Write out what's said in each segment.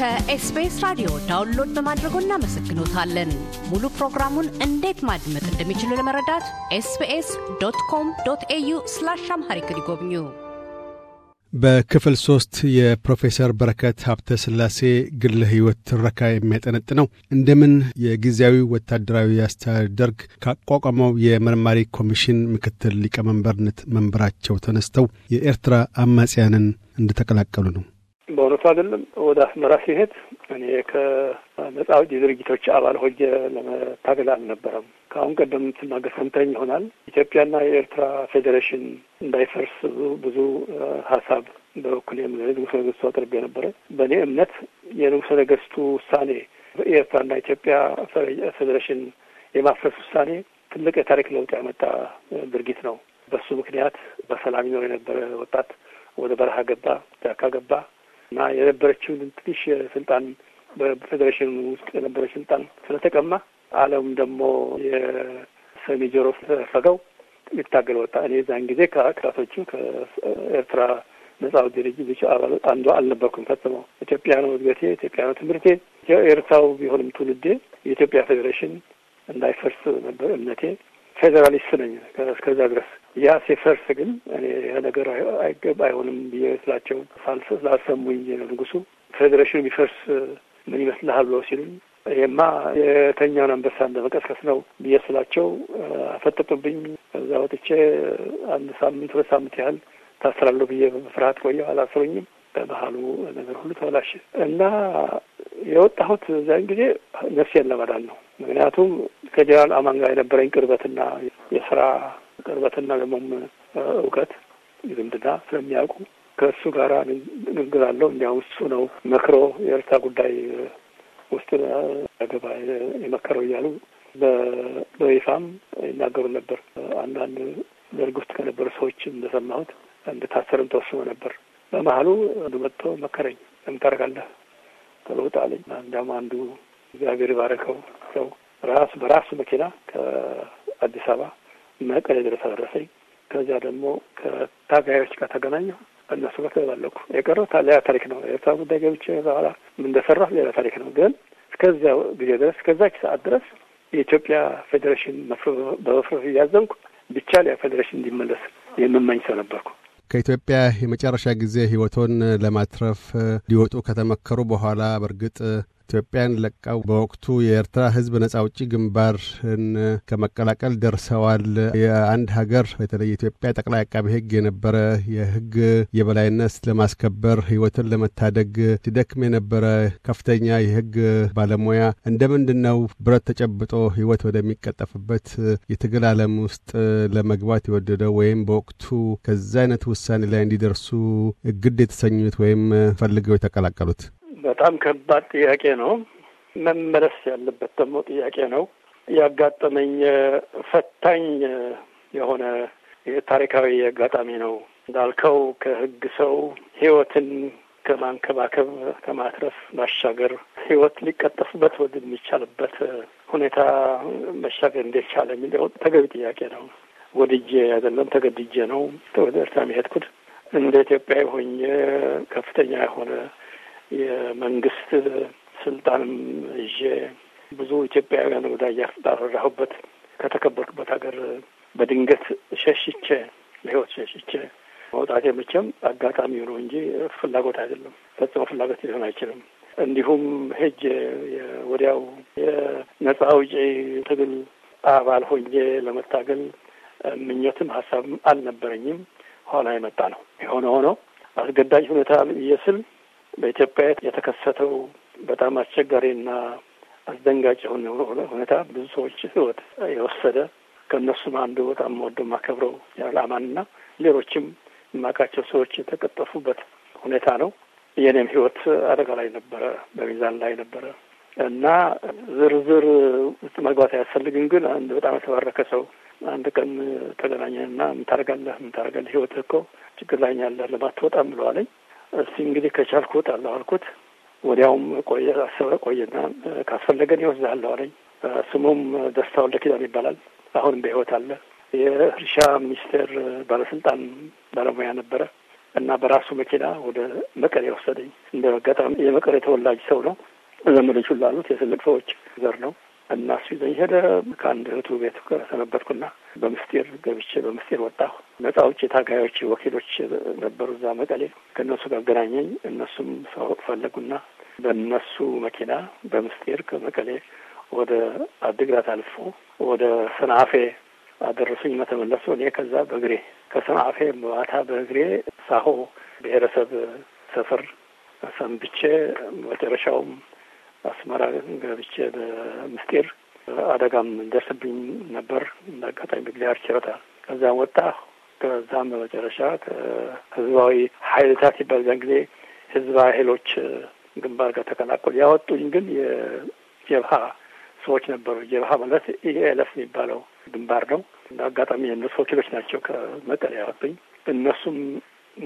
ከኤስቢኤስ ራዲዮ ዳውንሎድ በማድረጎ እናመሰግኖታለን። ሙሉ ፕሮግራሙን እንዴት ማድመጥ እንደሚችሉ ለመረዳት ኤስቢኤስ ዶት ኮም ዶት ኤዩ ስላሽ አምሃሪክ ይጎብኙ። በክፍል ሶስት የፕሮፌሰር በረከት ሀብተ ስላሴ ግል ሕይወት ትረካ ነው እንደምን የጊዜያዊ ወታደራዊ አስተዳደር ካቋቋመው የመርማሪ ኮሚሽን ምክትል ሊቀመንበርነት መንበራቸው ተነስተው የኤርትራ አማጽያንን እንደተቀላቀሉ ነው። በእውነቱ አይደለም። ወደ አስመራ ሲሄድ እኔ ከነጻ አውጪ ድርጅቶች አባል ሆኜ ለመታገል አልነበረም። ከአሁን ቀደም ስናገር ሰምተኝ ይሆናል። ኢትዮጵያና የኤርትራ ፌዴሬሽን እንዳይፈርስ ብዙ ሀሳብ በበኩል ንጉሠ ነገስቱ አቅርቤ ነበረ። በእኔ እምነት የንጉሠ ነገስቱ ውሳኔ የኤርትራና ኢትዮጵያ ፌዴሬሽን የማፍረስ ውሳኔ ትልቅ የታሪክ ለውጥ ያመጣ ድርጊት ነው። በሱ ምክንያት በሰላም ይኖር የነበረ ወጣት ወደ በረሃ ገባ፣ ጫካ ገባ። እና የነበረችውን ትንሽ ስልጣን በፌዴሬሽን ውስጥ የነበረች ስልጣን ስለተቀማ አለም ደግሞ የሰሚ ጆሮ ስለፈገው ሊታገል ወጣ። እኔ ዛን ጊዜ ከአክራቶቹ ከኤርትራ ነጻው አውጪ ድርጅት አባል አንዱ አልነበርኩም ፈጽመው። ኢትዮጵያ ነው እድገቴ፣ ኢትዮጵያ ነው ትምህርቴ። ኤርትራው ቢሆንም ትውልዴ የኢትዮጵያ ፌዴሬሽን እንዳይፈርስ ነበር እምነቴ። ፌዴራሊስት ነኝ እስከዛ ድረስ ያ ሲፈርስ ግን እኔ ያ ነገር አይገባ አይሆንም ብዬ ስላቸው ስላሰሙኝ ንጉሱ ፌዴሬሽኑ ቢፈርስ ምን ይመስልሃል ብለው ሲሉኝ ይሄማ የተኛውን አንበሳ እንደመቀስቀስ ነው ብዬ ስላቸው አፈጠጡብኝ። ከዛ ወጥቼ አንድ ሳምንት ሁለት ሳምንት ያህል ታስራለሁ ብዬ በፍርሀት ቆየሁ። አላስሩኝም። በባህሉ ነገር ሁሉ ተበላሸ እና የወጣሁት እዚያን ጊዜ ነፍሴን ለማዳን ነው። ምክንያቱም ከጀነራል አማን ጋር የነበረኝ ቅርበትና የስራ ቅርበትና ደግሞም እውቀት ዝምድና ስለሚያውቁ ከእሱ ጋር ንግግራለሁ። አለው። እንዲያውም እሱ ነው መክሮ የኤርትራ ጉዳይ ውስጥ ገባ የመከረው እያሉ በይፋም ይናገሩ ነበር። አንዳንድ ደርግ ውስጥ ከነበሩ ሰዎች እንደሰማሁት እንድታሰርም ተወስኖ ነበር። በመሀሉ አንዱ መጥቶ መከረኝ፣ ምን ታደርጋለህ ተብሎ እንዲያውም አንዱ እግዚአብሔር ባረከው ሰው ራስ በራስ መኪና ከአዲስ አበባ መቀሌ ድረስ አደረሰኝ። ከዚያ ደግሞ ከታጋዮች ጋር ተገናኘሁ። እነሱ ጋር ተባለኩ። የቀረው ሌላ ታሪክ ነው። ኤርትራ ጉዳይ ገብቼ በኋላ እንደሰራሁ ሌላ ታሪክ ነው። ግን እስከዚያ ጊዜ ድረስ እስከዛች ሰዓት ድረስ የኢትዮጵያ ፌዴሬሽን በመፍረስ እያዘንኩ ብቻ ሊያ ፌዴሬሽን እንዲመለስ የምመኝ ሰው ነበርኩ። ከኢትዮጵያ የመጨረሻ ጊዜ ህይወቶን ለማትረፍ ሊወጡ ከተመከሩ በኋላ በእርግጥ ኢትዮጵያን ለቀው በወቅቱ የኤርትራ ህዝብ ነጻ አውጪ ግንባርን ከመቀላቀል ደርሰዋል። የአንድ ሀገር በተለይ ኢትዮጵያ ጠቅላይ አቃቤ ህግ የነበረ የህግ የበላይነት ለማስከበር ህይወትን ለመታደግ ሲደክም የነበረ ከፍተኛ የህግ ባለሙያ እንደምንድን ነው ብረት ተጨብጦ ህይወት ወደሚቀጠፍበት የትግል አለም ውስጥ ለመግባት የወደደው ወይም በወቅቱ ከዛ አይነት ውሳኔ ላይ እንዲደርሱ ግድ የተሰኙት ወይም ፈልገው የተቀላቀሉት? በጣም ከባድ ጥያቄ ነው። መመለስ ያለበት ደግሞ ጥያቄ ነው። ያጋጠመኝ ፈታኝ የሆነ ታሪካዊ አጋጣሚ ነው እንዳልከው ከህግ ሰው ህይወትን ከማንከባከብ ከማትረፍ ማሻገር ህይወት ሊቀጠፍበት የሚቻልበት ሁኔታ መሻገር እንዴት ቻለ የሚለው ተገቢ ጥያቄ ነው። ወድጄ አይደለም ተገድጄ ነው ወደ ኤርትራ የሄድኩት። እንደ ኢትዮጵያዊ ሆኜ ከፍተኛ የሆነ የመንግስት ስልጣንም ይዤ ብዙ ኢትዮጵያውያን ወደ ያስጠራራሁበት ከተከበርኩበት ሀገር በድንገት ሸሽቼ ለህይወት ሸሽቼ መውጣቴ መቼም አጋጣሚ ሆኖ እንጂ ፍላጎት አይደለም። ፈጽሞ ፍላጎት ሊሆን አይችልም። እንዲሁም ሄጄ ወዲያው የነጻ አውጪ ትግል አባል ሆኜ ለመታገል ምኞትም ሀሳብም አልነበረኝም። ኋላ የመጣ ነው። የሆነ ሆኖ አስገዳጅ ሁኔታ ብዬ ስል በኢትዮጵያ የተከሰተው በጣም አስቸጋሪና አስደንጋጭ የሆነ ሁኔታ ብዙ ሰዎች ህይወት የወሰደ ከእነሱም አንዱ በጣም ወዶ ማከብረው አላማንና ሌሎችም የማውቃቸው ሰዎች የተቀጠፉበት ሁኔታ ነው። የእኔም ህይወት አደጋ ላይ ነበረ፣ በሚዛን ላይ ነበረ እና ዝርዝር ውስጥ መግባት አያስፈልግም። ግን አንድ በጣም የተባረከ ሰው አንድ ቀን ተገናኘንና ምን ታደርጋለህ? ምን ታደርጋለህ? ሕይወት እኮ ችግር ላይ ያለህ ለማትወጣም ብለዋለኝ። እስቲ እንግዲህ ከቻልኩ እወጣለሁ አልኩት። ወዲያውም ቆየ አሰበ ቆየና ካስፈለገን ይወስድሃለሁ አለኝ። ስሙም ደስታ ወልደ ኪዳን ይባላል። አሁንም በህይወት አለ። የእርሻ ሚኒስቴር ባለስልጣን ባለሙያ ነበረ እና በራሱ መኪና ወደ መቀሌ ወሰደኝ። እንደ አጋጣሚ የመቀሌ ተወላጅ ሰው ነው። ዘመዶች ላሉት አሉት። የትልቅ ሰዎች ዘር ነው እና እሱ ይዘኝ ሄደ። ከአንድ እህቱ ቤት ሰነበትኩና በምስጢር ገብቼ በምስጢር ወጣሁ። ነጻ አውጪ ታጋዮች ወኪሎች ነበሩ እዛ መቀሌ። ከእነሱ ጋር አገናኘኝ። እነሱም ሰው ፈለጉና በእነሱ መኪና በምስጢር ከመቀሌ ወደ አድግራት አልፎ ወደ ሰንአፌ አደረሱኝ። መተመለሱ እኔ ከዛ በእግሬ ከሰንአፌ ማታ በእግሬ ሳሆ ብሔረሰብ ሰፈር ሰንብቼ መጨረሻውም አስመራ ገብቼ በምስጢር አደጋም እንደርስብኝ ነበር። እንዳጋጣሚ በጊዜ አርችረታ ከዛም ወጣ ከዛም በመጨረሻ ህዝባዊ ሀይልታት ሲባል ዛን ጊዜ ህዝባዊ ሀይሎች ግንባር ጋር ተቀናቆል ያወጡኝ ግን የጀብሀ ሰዎች ነበሩ። ጀብሀ ማለት ኢኤልኤፍ የሚባለው ግንባር ነው። አጋጣሚ የእነሱ ወኪሎች ናቸው ከመቀሌ ያወጡኝ። እነሱም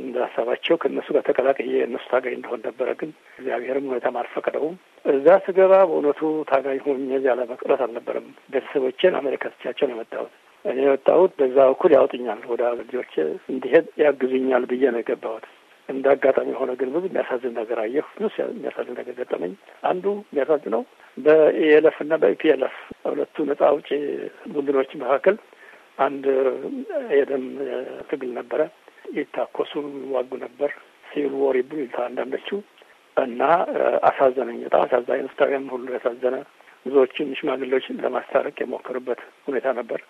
እንዳሳባቸው ከእነሱ ጋር ተቀላቅዬ እነሱ ታጋይ እንደሆን ነበረ። ግን እግዚአብሔርም ሁኔታም አልፈቀደውም። እዛ ስገባ በእውነቱ ታጋይ ሆኜ እዚያ ለመቅረት አልነበረም። ቤተሰቦቼን አሜሪካ ትቻቸው ነው የመጣሁት። እኔ የወጣሁት በዛ በኩል ያውጥኛል ወደ ልጆቼ እንዲሄድ ያግዙኛል ብዬ ነው የገባሁት። እንደ አጋጣሚ የሆነ ግን ብዙ የሚያሳዝን ነገር አየሁ። ብዙ የሚያሳዝን ነገር ገጠመኝ። አንዱ የሚያሳዝነው በኢኤልኤፍ እና በኢፒኤልኤፍ ሁለቱ ነጻ አውጪ ቡድኖች መካከል አንድ የደም ትግል ነበረ። ይታኮሱ ይዋጉ ነበር። ሲቪል ወር ይልታ አንዳንዶቹ እና አሳዘነኝ። በጣም አሳዛኝ ነፍሳውያን ሁሉ ያሳዘነ ብዙዎችን ሽማግሌዎችን ለማስታረቅ የሞከሩበት ሁኔታ ነበር።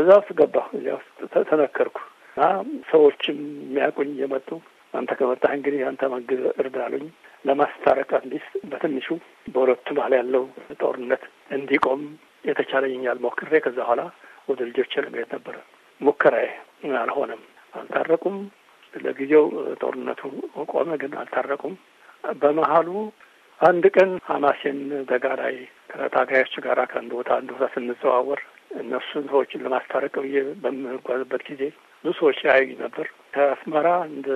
እዛ ውስጥ ገባሁ። እዚያ ውስጥ ተነከርኩ እና ሰዎችም የሚያውቁኝ እየመጡ አንተ ከመጣህ እንግዲህ አንተ መግብ እርዳሉኝ አሉኝ። ለማስታረቅ አትሊስት በትንሹ በሁለቱ መሀል ያለው ጦርነት እንዲቆም የተቻለኝ ያህል ሞክሬ ከዛ በኋላ ወደ ልጆቼ ለመሄድ ነበረ ሙከራዬ። አልሆነም፣ አልታረቁም። ለጊዜው ጦርነቱ ቆመ፣ ግን አልታረቁም። በመሀሉ አንድ ቀን ሀማሴን በጋራይ ከታጋዮች ጋር ከአንድ ቦታ አንድ ቦታ ስንዘዋወር እነሱን ሰዎችን ለማስታረቅ ብዬ በምጓዝበት ጊዜ ብዙ ሰዎች ያዩ ነበር። ከአስመራ እንደ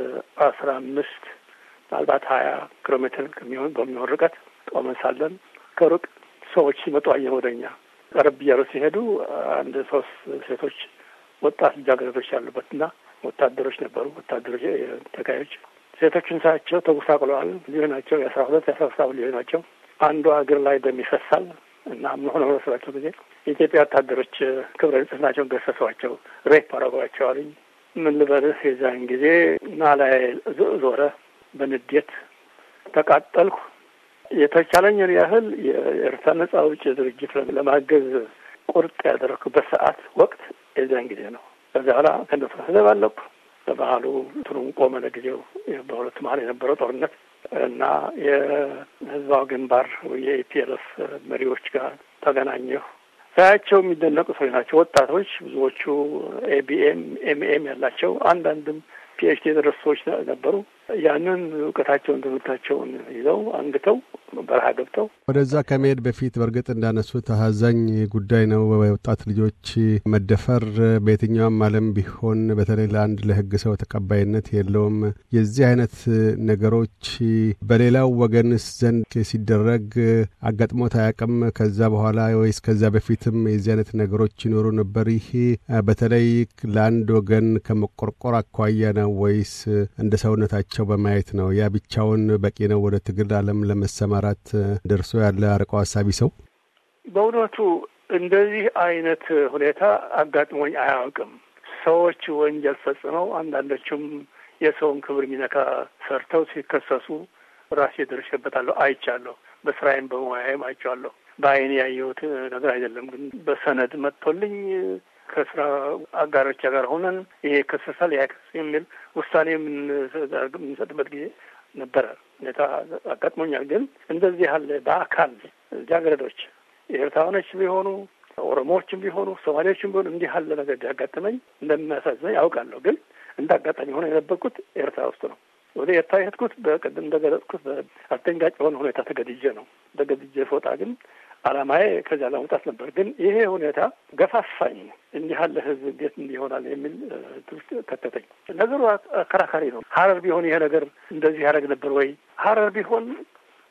አስራ አምስት ምናልባት ሀያ ኪሎ ሜትር ከሚሆን በሚሆን ርቀት ቆመን ሳለን ከሩቅ ሰዎች ሲመጡ አየሁ። ወደ እኛ ቀረብ እያሉ ሲሄዱ አንድ ሶስት ሴቶች ወጣት ልጃገረዶች ያሉበት እና ወታደሮች ነበሩ። ወታደሮች ተካዮች ሴቶችን ሳያቸው ተጎሳቅለዋል። ሊሆናቸው የአስራ ሁለት የአስራ ሰባት ሊሆናቸው አንዷ እግር ላይ ደም ይፈሳል። እና መሆነ በሰባቸው ጊዜ የኢትዮጵያ ወታደሮች ክብረ ንጽህናቸውን ገሰሷቸው፣ ሬፕ አረጓቸው አሉኝ። ምን ልበልህ የዛን ጊዜ ናላይ ዞረ። በንዴት ተቃጠልኩ። የተቻለኝን ያህል የኤርትራ ነጻ አውጪ ድርጅት ለማገዝ ቁርጥ ያደረኩበት ሰዓት ወቅት የዚያን ጊዜ ነው። ከዚ በኋላ ከነሱ አለኩ። በባህሉ ትሩም ቆመ። ለጊዜው በሁለት መሀል የነበረው ጦርነት እና የህዝባዊ ግንባር የኢፒኤልኤፍ መሪዎች ጋር ተገናኘሁ። ሳያቸው የሚደነቁ ሰዎች ናቸው። ወጣቶች ብዙዎቹ ኤቢኤም ኤምኤም ያላቸው አንዳንድም ፒኤችዲ የደረሱ ሰዎች ነበሩ። ያንን እውቀታቸውን ትምህርታቸውን ይዘው አንግተው በረሃ ገብተው ወደዛ ከመሄድ በፊት በእርግጥ እንዳነሱት አሳዛኝ ጉዳይ ነው። ወጣት ልጆች መደፈር በየትኛውም ዓለም ቢሆን በተለይ ለአንድ ለሕግ ሰው ተቀባይነት የለውም። የዚህ አይነት ነገሮች በሌላው ወገንስ ዘንድ ሲደረግ አጋጥሞት አያውቅም? ከዛ በኋላ ወይስ ከዛ በፊትም የዚህ አይነት ነገሮች ይኖሩ ነበር? ይህ በተለይ ለአንድ ወገን ከመቆርቆር አኳያ ነው ወይስ እንደ ሰውነታቸው በብቻው በማየት ነው። ያ ብቻውን በቂ ነው ወደ ትግል ዓለም ለመሰማራት ደርሶ ያለ አርቆ ሀሳቢ ሰው? በእውነቱ እንደዚህ አይነት ሁኔታ አጋጥሞኝ አያውቅም። ሰዎች ወንጀል ፈጽመው አንዳንዶቹም የሰውን ክብር የሚነካ ሰርተው ሲከሰሱ ራሴ ደርሼበታለሁ፣ አይቻለሁ። በስራዬም በሙያዬም አይቼዋለሁ። በአይኔ ያየሁት ነገር አይደለም፣ ግን በሰነድ መጥቶልኝ ከስራ አጋሮች ጋር ሆነን ይሄ ከሰሳል ያክስ የሚል ውሳኔ የምንሰጥበት ጊዜ ነበረ። ሁኔታ አጋጥሞኛል። ግን እንደዚህ ያለ በአካል ልጃገረዶች ኤርትራውያኖች ቢሆኑ ኦሮሞዎችም ቢሆኑ ሶማሌዎችም ቢሆኑ እንዲህ ያለ ነገር ቢያጋጥመኝ እንደሚያሳዝነኝ አውቃለሁ። ግን እንደ አጋጣሚ ሆነ የነበርኩት ኤርትራ ውስጥ ነው። ወደ ኤርትራ የሄድኩት በቅድም እንደገለጽኩት አስደንጋጭ በሆነ ሁኔታ ተገድጄ ነው። ተገድጄ ፎጣ ግን አላማዬ ከዚያ ለመውጣት ነበር። ግን ይሄ ሁኔታ ገፋፋኝ። እንዲህ ያለ ህዝብ እንዴት እንዲሆናል የሚል ትውስጥ ከተተኝ። ነገሩ አከራካሪ ነው። ሀረር ቢሆን ይሄ ነገር እንደዚህ ያደረግ ነበር ወይ? ሀረር ቢሆን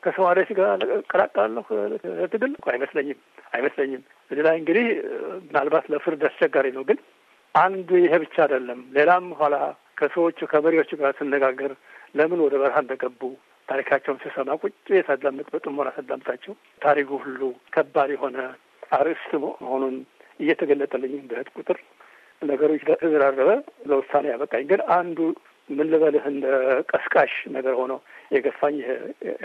ከሰዋሌ ጋር ቀላቀላለሁ ትግል አይመስለኝም፣ አይመስለኝም። እዚህ ላይ እንግዲህ ምናልባት ለፍርድ አስቸጋሪ ነው። ግን አንዱ ይሄ ብቻ አይደለም። ሌላም ኋላ ከሰዎቹ ከመሪዎቹ ጋር ስነጋገር ለምን ወደ በረሃ እንደገቡ ታሪካቸውን ስሰማ ቁጭ ሳዳምጥ፣ በጥሞና ሳዳምጣቸው ታሪኩ ሁሉ ከባድ የሆነ አርዕስት መሆኑን እየተገለጠልኝ በህት ቁጥር ነገሮች ተዘራረበ ለውሳኔ ያበቃኝ ግን አንዱ ምን ልበልህ እንደ ቀስቃሽ ነገር ሆኖ የገፋኝ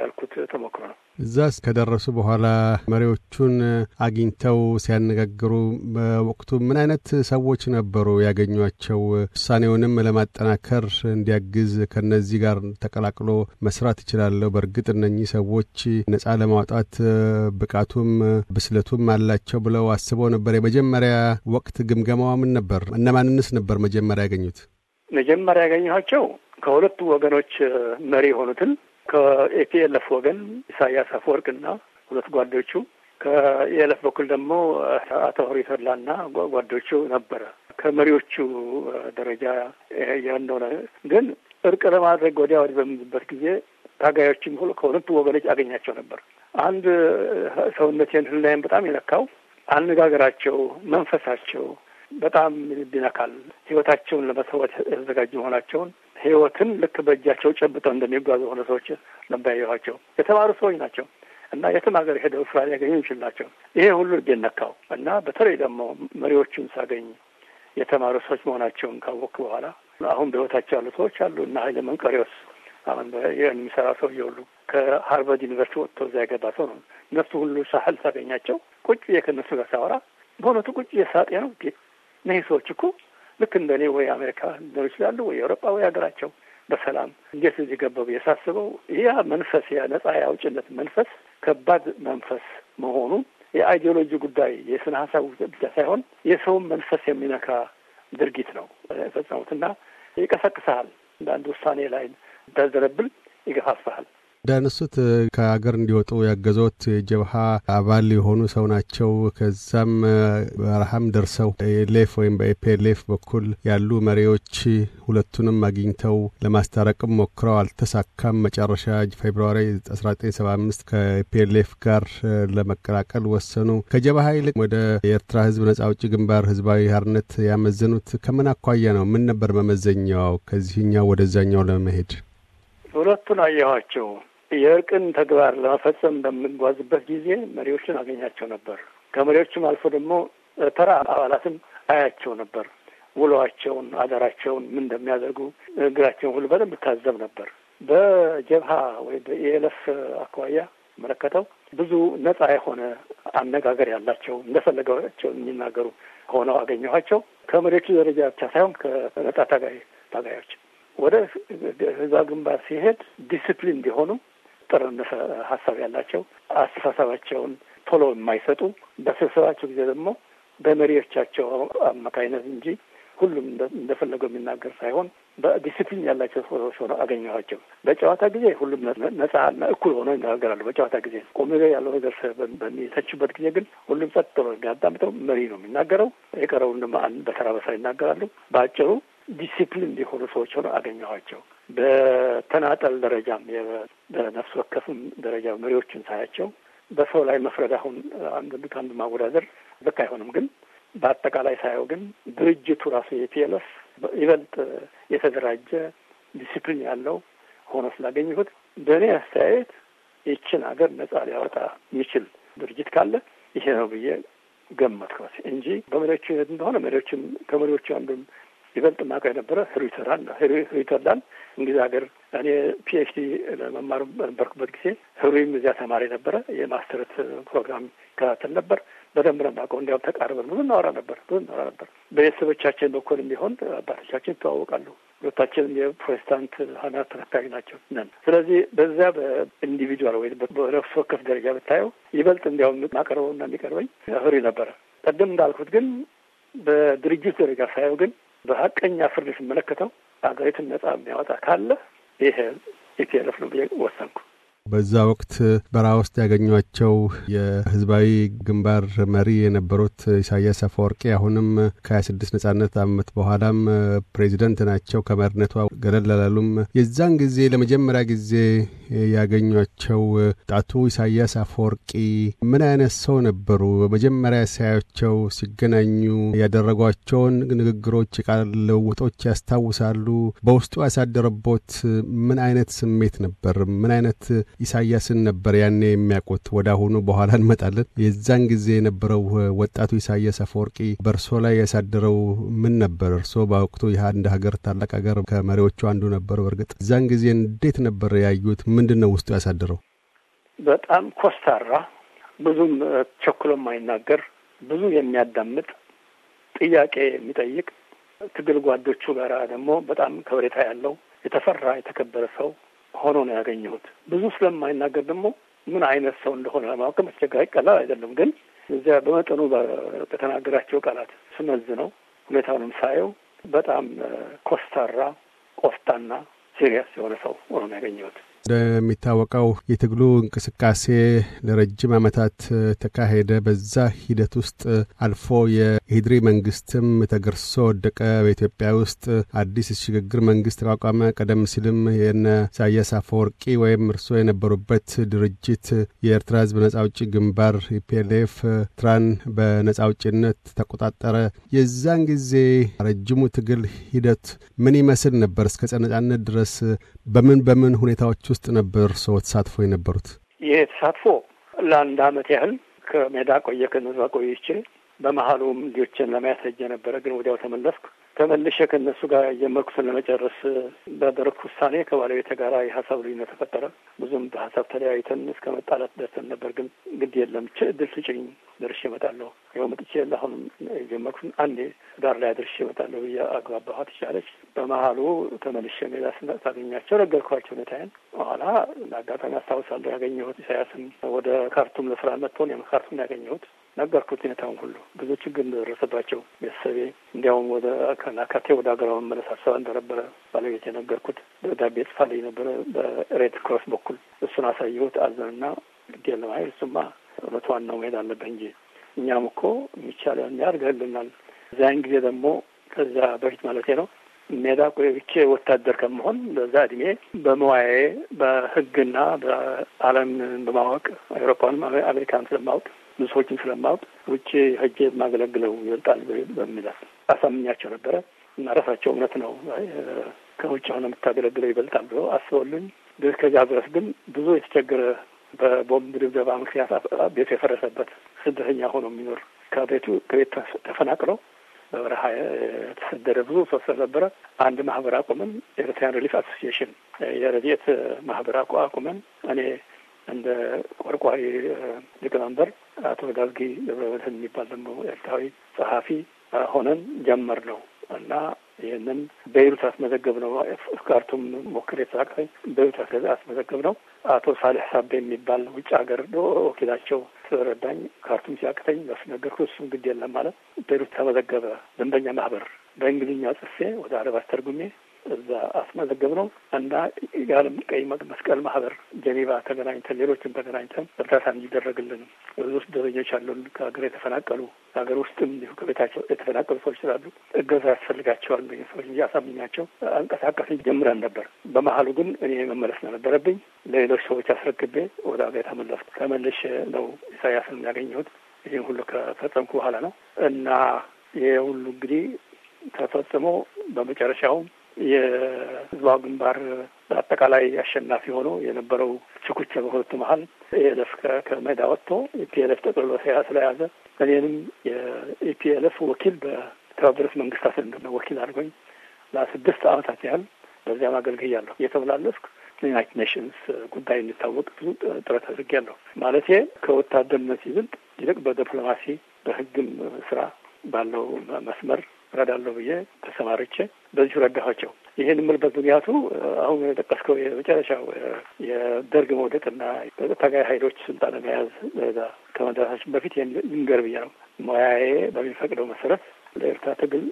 ያልኩት ተሞክሮ ነው። እዛስ ከደረሱ በኋላ መሪዎቹን አግኝተው ሲያነጋግሩ በወቅቱ ምን አይነት ሰዎች ነበሩ ያገኟቸው? ውሳኔውንም ለማጠናከር እንዲያግዝ ከነዚህ ጋር ተቀላቅሎ መስራት ይችላለሁ፣ በእርግጥ እነኚህ ሰዎች ነጻ ለማውጣት ብቃቱም ብስለቱም አላቸው ብለው አስበው ነበር? የመጀመሪያ ወቅት ግምገማዋ ምን ነበር? እነማንንስ ነበር መጀመሪያ ያገኙት? መጀመሪያ ያገኘኋቸው ከሁለቱ ወገኖች መሪ የሆኑትን ከኤፒኤልኤፍ ወገን ኢሳያስ አፈወርቅና ሁለት ጓዶቹ ከኤልፍ በኩል ደግሞ አቶ ሆሪ ተድላና ጓዶቹ ነበረ። ከመሪዎቹ ደረጃ ያንደሆነ ግን እርቅ ለማድረግ ወዲያ ወዲህ በምንበት ጊዜ ታጋዮችም ሁሉ ከሁለቱ ወገኖች አገኛቸው ነበር። አንድ ሰውነቴን ህልናዬን በጣም የነካው አነጋገራቸው፣ መንፈሳቸው በጣም ልብ ይነካል። ህይወታቸውን ለመሰዋት የተዘጋጁ መሆናቸውን ህይወትን ልክ በእጃቸው ጨብጠው እንደሚጓዙ የሆነ ሰዎች ነበር ያየኋቸው። የተማሩ ሰዎች ናቸው እና የትም ሀገር ሄደው ስራ ሊያገኙ ይችል ናቸው። ይሄ ሁሉ ልብ ነካው እና በተለይ ደግሞ መሪዎቹን ሳገኝ የተማሩ ሰዎች መሆናቸውን ካወቅ በኋላ አሁን በህይወታቸው ያሉ ሰዎች አሉ እና ሀይለ መንቀሪዎስ አሁን የሚሰራ ሰው ሁሉ ከሀርቨርድ ዩኒቨርሲቲ ወጥቶ እዛ የገባ ሰው ነው። እነሱ ሁሉ ሳህል ሳገኛቸው ቁጭ ብዬ ከእነሱ ጋር ሳወራ በእውነቱ ቁጭ ብዬ ሳጤ ነው እነዚህ ሰዎች እኮ ልክ እንደ እኔ ወይ አሜሪካ ሊኖሩ ይችላሉ ወይ አውሮፓ ወይ ሀገራቸው በሰላም እንዴት እዚህ ገባቡ የሳስበው ያ መንፈስ የነጻ አውጭነት መንፈስ ከባድ መንፈስ መሆኑ የአይዲዮሎጂ ጉዳይ የስነ ሀሳብ ብቻ ሳይሆን የሰውን መንፈስ የሚነካ ድርጊት ነው የፈጸሙትና ይቀሰቅሰሃል። አንዳንድ ውሳኔ ላይ እንዳዘረብል ይገፋፋሃል። እንዳነሱት ከሀገር እንዲወጡ ያገዞት የጀብሃ አባል የሆኑ ሰው ናቸው። ከዛም በረሃም ደርሰው ኤሌፍ ወይም በኤፔሌፍ በኩል ያሉ መሪዎች ሁለቱንም አግኝተው ለማስታረቅም ሞክረው አልተሳካም። መጨረሻ ፌብርዋሪ 1975 ከኤፔሌፍ ጋር ለመቀላቀል ወሰኑ። ከጀብሃ ይልቅ ወደ የኤርትራ ህዝብ ነጻ አውጪ ግንባር ህዝባዊ ሀርነት ያመዘኑት ከምን አኳያ ነው? ምን ነበር መመዘኛው ከዚህኛው ወደዛኛው ለመሄድ? ሁለቱን አየኋቸው። የእርቅን ተግባር ለመፈጸም በምንጓዝበት ጊዜ መሪዎችን አገኛቸው ነበር። ከመሪዎችም አልፎ ደግሞ ተራ አባላትም አያቸው ነበር። ውሎዋቸውን፣ አገራቸውን ምን እንደሚያደርጉ እግራቸውን ሁሉ በደንብ ታዘብ ነበር። በጀብሃ ወይ በኢኤልኤፍ አኳያ መለከተው ብዙ ነጻ የሆነ አነጋገር ያላቸው እንደፈለጋቸው የሚናገሩ ሆነው አገኘኋቸው። ከመሪዎቹ ደረጃ ብቻ ሳይሆን ከነጻ ታጋይ ታጋዮች ወደ ህዛ ግንባር ሲሄድ ዲስፕሊን እንዲሆኑ የተጠረነፈ ሀሳብ ያላቸው አስተሳሰባቸውን ቶሎ የማይሰጡ በስብሰባቸው ጊዜ ደግሞ በመሪዎቻቸው አማካይነት እንጂ ሁሉም እንደፈለገው የሚናገር ሳይሆን በዲስፕሊን ያላቸው ሰዎች ሆነው አገኘኋቸው። በጨዋታ ጊዜ ሁሉም ነጻና እኩል ሆኖ ይናገራሉ። በጨዋታ ጊዜ ቆም ያለው ነገር በሚተችበት ጊዜ ግን ሁሉም ጸጥ ብሎ የሚያዳምጠው መሪ ነው የሚናገረው። የቀረውን ድማ በተራ በሰራ ይናገራሉ። በአጭሩ ዲሲፕሊን የሆኑ ሰዎች ሆነው አገኘኋቸው። በተናጠል ደረጃም በነፍስ ወከፍም ደረጃ መሪዎችን ሳያቸው በሰው ላይ መፍረድ አሁን አንዱ ከአንዱ ማወዳደር ልክ አይሆንም። ግን በአጠቃላይ ሳየው ግን ድርጅቱ ራሱ የፒኤልኤፍ ይበልጥ የተደራጀ ዲሲፕሊን ያለው ሆኖ ስላገኘሁት በእኔ አስተያየት ይችን ሀገር ነጻ ሊያወጣ የሚችል ድርጅት ካለ ይሄ ነው ብዬ ገመትኩት እንጂ በመሪዎቹ ሂደት እንደሆነ መሪዎችም ከመሪዎቹ አንዱም ይበልጥ ማቀ የነበረ ህሩይ ተርላን ነው። ህሩይ እንግዲህ ሀገር እኔ ፒኤችዲ ለመማር በነበርኩበት ጊዜ ህሩይም እዚያ ተማሪ ነበረ። የማስተርት ፕሮግራም ይከታተል ነበር። በደንብ ነው የማውቀው። እንዲያውም ተቃርበን ብዙ እናወራ ነበር ብዙ እናወራ ነበር። በቤተሰቦቻችን በኩል የሚሆን አባቶቻችን ይተዋወቃሉ። ሁለታችን የፕሮቴስታንት ሀናት ተከታዮች ናቸው ነን። ስለዚህ በዚያ በኢንዲቪጁዋል ወይ በነፍስ ወከፍ ደረጃ ብታየው ይበልጥ እንዲያውም ማቀርበውና የሚቀርበኝ ህሩይ ነበረ። ቀደም እንዳልኩት ግን በድርጅት ደረጃ ሳየው ግን በሀቀኛ ፍርድ ስመለከተው ሀገሪቱን ነጻ የሚያወጣ ካለ ይሄ ኢፒኤልኤፍ ነው ብዬ ወሰንኩ። በዛ ወቅት በረሃ ውስጥ ያገኟቸው የህዝባዊ ግንባር መሪ የነበሩት ኢሳያስ አፈወርቂ አሁንም ከ26 ነጻነት አመት በኋላም ፕሬዚደንት ናቸው። ከመሪነቷ ገለል አላሉም። የዛን ጊዜ ለመጀመሪያ ጊዜ ያገኟቸው ጣቱ ኢሳያስ አፈወርቂ ምን አይነት ሰው ነበሩ? በመጀመሪያ ሲያያቸው፣ ሲገናኙ ያደረጓቸውን ንግግሮች፣ የቃል ልውውጦች ያስታውሳሉ? በውስጡ ያሳደረቦት ምን አይነት ስሜት ነበር? ምን አይነት ኢሳያስን ነበር ያኔ የሚያውቁት። ወደ አሁኑ በኋላ እንመጣለን። የዛን ጊዜ የነበረው ወጣቱ ኢሳያስ አፈወርቂ በእርሶ ላይ ያሳደረው ምን ነበር? እርሶ በወቅቱ ይህ አንድ ሀገር ታላቅ ሀገር ከመሪዎቹ አንዱ ነበር። በእርግጥ እዛን ጊዜ እንዴት ነበር ያዩት? ምንድን ነው ውስጡ ያሳደረው? በጣም ኮስታራ፣ ብዙም ቸኩሎ የማይናገር ብዙ የሚያዳምጥ ጥያቄ የሚጠይቅ ትግል ጓዶቹ ጋር ደግሞ በጣም ከብሬታ ያለው የተፈራ የተከበረ ሰው ሆኖ ነው ያገኘሁት። ብዙ ስለማይናገር ደግሞ ምን አይነት ሰው እንደሆነ ለማወቅ አስቸጋሪ ቀላል አይደለም። ግን እዚያ በመጠኑ በተናገራቸው ቃላት ስመዝ ነው ሁኔታውንም ሳየው በጣም ኮስታራ፣ ቆፍጣና፣ ሲሪያስ የሆነ ሰው ሆኖ ነው ያገኘሁት። እንደሚታወቀው የትግሉ እንቅስቃሴ ለረጅም ዓመታት ተካሄደ። በዛ ሂደት ውስጥ አልፎ የሂድሪ መንግስትም ተገርሶ ወደቀ። በኢትዮጵያ ውስጥ አዲስ ሽግግር መንግስት ተቋቋመ። ቀደም ሲልም የነ ኢሳያስ አፈወርቂ ወይም እርሶ የነበሩበት ድርጅት የኤርትራ ህዝብ ነጻ አውጪ ግንባር ኢፒኤልኤፍ ትራን በነጻ አውጪነት ተቆጣጠረ። የዛን ጊዜ ረጅሙ ትግል ሂደት ምን ይመስል ነበር? እስከ ነጻነት ድረስ በምን በምን ሁኔታዎች ውስጥ ነበር እርስዎ ተሳትፎ የነበሩት? ይሄ ተሳትፎ ለአንድ አመት ያህል ከሜዳ ቆየ ከነዛ ቆይቼ በመሀሉም ልጆችን ለማየት ሄጄ ነበረ፣ ግን ወዲያው ተመለስኩ። ተመልሼ ከእነሱ ጋር የጀመርኩትን ለመጨረስ ባደረግኩ ውሳኔ ከባለቤቴ ጋር የሀሳብ ልዩነት ተፈጠረ። ብዙም በሀሳብ ተለያይተን እስከ መጣላት ደርሰን ነበር። ግን ግድ የለም ች እድል ስጭኝ፣ ደርሼ እመጣለሁ። ይኸው መጥቼ አሁንም የጀመርኩትን አንዴ ዳር ላይ ደርሼ እመጣለሁ ብዬ አግባባኋት። ይቻለች በመሀሉ ተመልሼ ሜዳ ሳገኛቸው ነገርኳቸው ሁኔታዬን። በኋላ ለአጋጣሚ አስታውሳለሁ ያገኘሁት ኢሳያስን ወደ ካርቱም ለስራ መጥቶን ካርቱም ያገኘሁት ነገርኩት ሁኔታውን ሁሉ። ብዙ ችግር እንደደረሰባቸው ቤተሰቤ እንዲያውም ወደ ከናካቴ ወደ ሀገራ መመለስ አሰባ እንደነበረ ባለቤት የነገርኩት ደብዳቤ ጽፋልኝ ነበረ በሬድ ክሮስ በኩል እሱን አሳየሁት። አዘንና ግድ የለም አይደል እሱማ እውነት ዋናው መሄድ አለበት እንጂ እኛም እኮ የሚቻለ ያድርግልናል። እዚያን ጊዜ ደግሞ ከዚያ በፊት ማለት ነው ሜዳ ቆይቼ ወታደር ከመሆን በዛ እድሜ በመዋዬ በህግና በዓለም በማወቅ አውሮፓንም አሜሪካን ስለማወቅ ብዙ ሰዎችን ስለማወቅ ውጭ ህጅ የማገለግለው ይወጣል በሚል አሳምኛቸው ነበረ እና ራሳቸው እውነት ነው ከውጭ ሆነ የምታገለግለው ይበልጣል ብሎ አስበውልኝ ከዚያ ድረስ ግን ብዙ የተቸገረ በቦምብ ድብደባ ምክንያት ቤቱ የፈረሰበት ስደተኛ ሆኖ የሚኖር ከቤቱ ከቤት ተፈናቅለው በበረሃ የተሰደደ ብዙ ሰው ስለነበረ አንድ ማህበር አቁመን ኤርትራን ሪሊፍ አሶሲሽን የረድኤት ማህበር አቁመን እኔ እንደ ቆርቋሪ ሊቀመንበር አቶ ዳርጊ ገብረበትን የሚባል ደግሞ ኤርትራዊ ጸሐፊ ሆነን ጀመር ነው እና ይህንን በይሩት አስመዘገብ ነው። ስካርቱም ሞክር የተሳካኝ በይሩት አስመዘገብ ነው። አቶ ሳሌሕ ሳቤ የሚባል ውጭ ሀገር ወኪላቸው ስለረዳኝ ካርቱም ሲያቅተኝ በስነገርኩ እሱም ግድ የለም ማለት በይሩት ተመዘገበ። ደንበኛ ማህበር በእንግሊዝኛ ጽፌ ወደ አረብ አስተርጉሜ እዛ አስመዘገብ ነው እና የዓለም ቀይ መስቀል ማህበር ጀኔቫ ተገናኝተን ሌሎችን ተገናኝተን እርዳታ እንዲደረግልን ብዙ ደረኞች አሉን። ከሀገር የተፈናቀሉ ሀገር ውስጥም እንዲሁ ከቤታቸው የተፈናቀሉ ሰዎች ስላሉ እገዛ ያስፈልጋቸዋል። ሰዎች እንጂ አሳምኛቸው አንቀሳቀስ ጀምረን ነበር። በመሀሉ ግን እኔ መመለስ ነው ነበረብኝ። ለሌሎች ሰዎች አስረክቤ ወደ ሀገር የተመለስኩ ተመልሼ ነው ኢሳያስን ያገኘሁት። ይህን ሁሉ ከፈጸምኩ በኋላ ነው እና ይህ ሁሉ እንግዲህ ተፈጽሞ በመጨረሻውም የህዝባዊ ግንባር በአጠቃላይ አሸናፊ ሆኖ የነበረው ችኩቻ በሁለቱ መሀል ኢፒኤልኤፍ ከሜዳ ወጥቶ ኢፒኤልኤፍ ጠቅልሎ ስለያዘ እኔንም የኢፒኤልኤፍ ወኪል በተባበሩት መንግስታት እንደ ወኪል አድርጎኝ ለስድስት አመታት ያህል በዚያም አገልግያለሁ። እየተመላለስኩ ዩናይትድ ኔሽንስ ጉዳይ እንዲታወቅ ብዙ ጥረት አድርጌያለሁ። ማለት ከወታደርነት ይልቅ ይልቅ በዲፕሎማሲ በህግም ስራ ባለው መስመር እረዳለሁ ብዬ ተሰማርቼ በዚሁ ረዳኋቸው። ይህን የምልበት ምክንያቱ አሁን የጠቀስከው የመጨረሻው የደርግ መውደቅ እና ታጋይ ኃይሎች ስልጣን መያዝ ከመድረሳችን በፊት ይህን ልንገር ብዬ ነው። ሙያዬ በሚፈቅደው መሰረት ለኤርትራ ትግል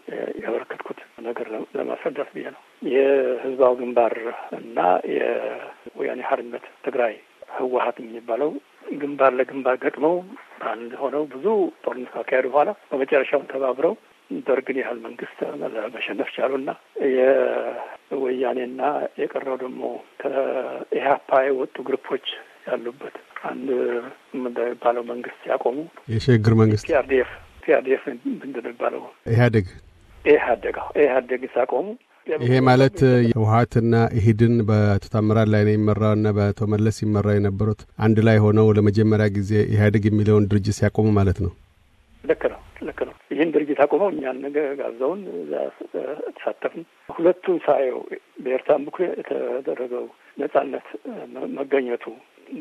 ያበረከትኩት ነገር ለማስረዳት ብዬ ነው። የህዝባዊ ግንባር እና የወያኔ ሀርነት ትግራይ ህወሀት የሚባለው ግንባር ለግንባር ገጥመው አንድ ሆነው ብዙ ጦርነት ካካሄዱ በኋላ በመጨረሻውን ተባብረው ደርግን ያህል መንግስት ለመሸነፍ ቻሉና የወያኔና የቀረው ደግሞ ከኢህአፓ የወጡ ግሩፖች ያሉበት አንድ እንደሚባለው መንግስት ያቆሙ የሽግግር መንግስት ፒአርዲኤፍ ፒአርዲኤፍ እንደሚባለው ኢህአዴግ ኢህአዴግ ኢህአዴግ ሲያቆሙ ይሄ ማለት ህወሀትና ኢሂድን በአቶ ታምራት ላይ ነው የሚመራውና በአቶ መለስ ሲመራ የነበሩት አንድ ላይ ሆነው ለመጀመሪያ ጊዜ ኢህአዴግ የሚለውን ድርጅት ሲያቆሙ ማለት ነው። ልክ ነው፣ ልክ ነው። ይህን ድርጊት አቁመው እኛን ነገ ጋብዘውን እዛ ተሳተፍን። ሁለቱን ሳየው በኤርትራን በኩል የተደረገው ነጻነት መገኘቱ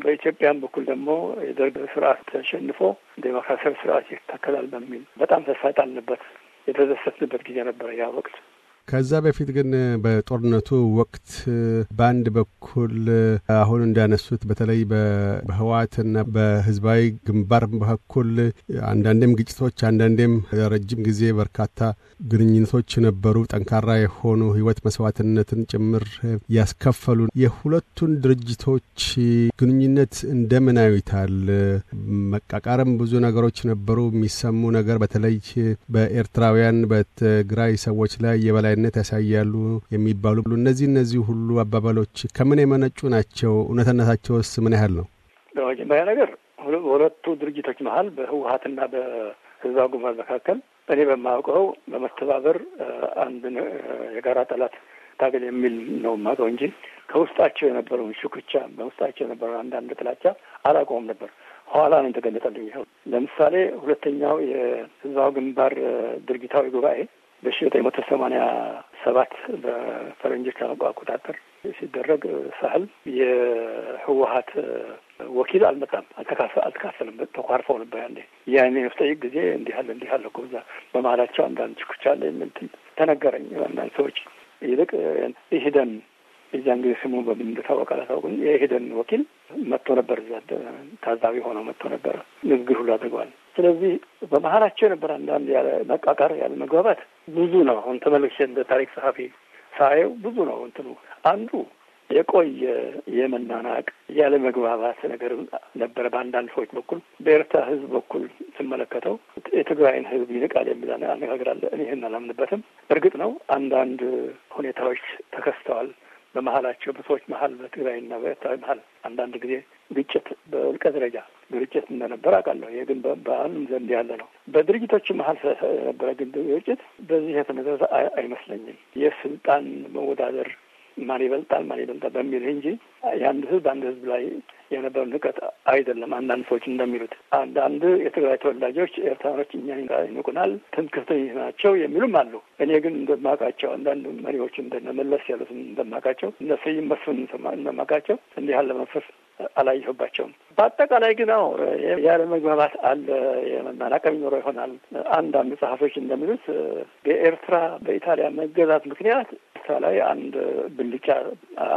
በኢትዮጵያም በኩል ደግሞ የደርግ ስርዓት ተሸንፎ ዴሞክራሲያዊ ስርዓት ይተከላል በሚል በጣም ተስፋ የጣልንበት የተደሰትንበት ጊዜ ነበረ ያ ወቅት። ከዛ በፊት ግን በጦርነቱ ወቅት በአንድ በኩል በኩል አሁን እንዳነሱት በተለይ በህወሓትና በህዝባዊ ግንባር በኩል አንዳንዴም ግጭቶች፣ አንዳንዴም ረጅም ጊዜ በርካታ ግንኙነቶች ነበሩ። ጠንካራ የሆኑ ህይወት መስዋዕትነትን ጭምር ያስከፈሉ የሁለቱን ድርጅቶች ግንኙነት እንደምን አዩታል? መቃቃርም ብዙ ነገሮች ነበሩ። የሚሰሙ ነገር በተለይ በኤርትራውያን በትግራይ ሰዎች ላይ የበላይነት ያሳያሉ የሚባሉ እነዚህ እነዚህ ሁሉ አባባሎች ከምን ከምን የመነጩ ናቸው? እውነትነታቸውስ ምን ያህል ነው? በመጀመሪያ ነገር በሁለቱ ድርጅቶች መሀል በህወሀትና በህዝባዊ ግንባር መካከል እኔ በማውቀው በመተባበር አንድ የጋራ ጠላት ታገል የሚል ነው የማውቀው እንጂ ከውስጣቸው የነበረውን ሽኩቻ በውስጣቸው የነበረው አንዳንድ ጥላቻ አላውቀውም ነበር። ኋላ ነው የተገለጠልኝ። ይኸው ለምሳሌ ሁለተኛው የህዝባዊ ግንባር ድርጊታዊ ጉባኤ በሺ ዘጠኝ መቶ ሰማኒያ ሰባት በፈረንጆች አቆጣጠር ሲደረግ ሳህል የህወሀት ወኪል አልመጣም፣ አልተካፈለም። ተኳርፈው ነበር ያኔ ያኔ የምጠይቅ ጊዜ እንዲህ አለ እንዲህ አለ እኮ በመሀላቸው አንዳንድ ችኩቻ አለ እንትን ተነገረኝ። አንዳንድ ሰዎች ይልቅ የሄደን እዚያን ጊዜ ስሙ በምን እንደታወቀ አላታወቁም። የሄደን ወኪል መጥቶ ነበር፣ እዛ ታዛቢ ሆኖ መጥቶ ነበር፣ ንግግር ሁሉ አድርገዋል። ስለዚህ በመሀላቸው የነበር አንዳንድ ያለ መቃቀር ያለ መግባባት ብዙ ነው። አሁን ተመልክቼ እንደ ታሪክ ጸሐፊ ሳየው ብዙ ነው እንትኑ አንዱ የቆየ የመናናቅ ያለ መግባባት ነገር ነበረ በአንዳንድ ሰዎች በኩል በኤርትራ ሕዝብ በኩል ስመለከተው የትግራይን ሕዝብ ይንቃል የሚል አነጋገር አለ። እኔ ይህን አላምንበትም። እርግጥ ነው አንዳንድ ሁኔታዎች ተከስተዋል። በመሀላቸው በሰዎች መሀል በትግራይና በኤርትራዊ መሀል አንዳንድ ጊዜ ግጭት በውልቀ ደረጃ ግጭት እንደነበር አውቃለሁ። ይህ ግን በዓለም ዘንድ ያለ ነው። በድርጅቶች መሀል ስለነበረ ግን ግጭት በዚህ የተመዘዘ አይመስለኝም። የስልጣን መወዳደር ማን ይበልጣል ማን ይበልጣል በሚል እንጂ የአንድ ህዝብ አንድ ህዝብ ላይ የነበረው ንቀት አይደለም። አንዳንድ ሰዎች እንደሚሉት አንዳንድ የትግራይ ተወላጆች ኤርትራኖች እኛ ይንቁናል፣ ትምክህተኞች ናቸው የሚሉም አሉ። እኔ ግን እንደማውቃቸው አንዳንድ መሪዎች እንደነመለስ ያሉት እንደማውቃቸው እነ ስዩም መስፍን እንደማውቃቸው እንዲህ ያለ መንፈስ አላየሁባቸውም። በአጠቃላይ ግን አዎ ያለ መግባባት አለ፣ የመናናቀም ይኖረው ይሆናል። አንዳንድ ጸሐፊዎች እንደሚሉት በኤርትራ በኢታሊያ መገዛት ምክንያት ኤርትራ ላይ አንድ ብልጫ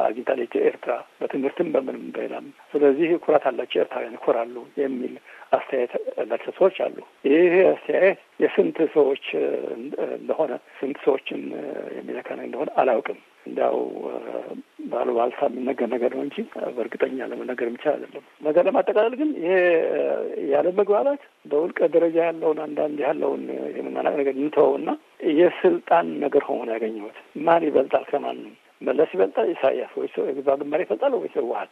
አግኝታለች ኤርትራ በትምህርትም በምንም በሌላም። ስለዚህ ኩራት አላቸው ኤርትራውያን ይኮራሉ የሚል አስተያየት ያላቸው ሰዎች አሉ። ይህ አስተያየት የስንት ሰዎች እንደሆነ ስንት ሰዎችን የሚለካ እንደሆነ አላውቅም። እንዲያው ባሉ ባልታ የምነገር ነገር ነው እንጂ በእርግጠኛ ለመነገር የሚቻል አይደለም። ነገር ለማጠቃለል ግን ይሄ ያለ መግባባት በውልቀት ደረጃ ያለውን አንዳንድ ያለውን የመናናቅ ነገር እንተወውና የስልጣን ነገር ሆኖ ያገኘሁት ማን ይበልጣል ከማንም መለስ ይበልጣል ኢሳያስ ወይ ግንባር ይበልጣል ወይስ ህወሓት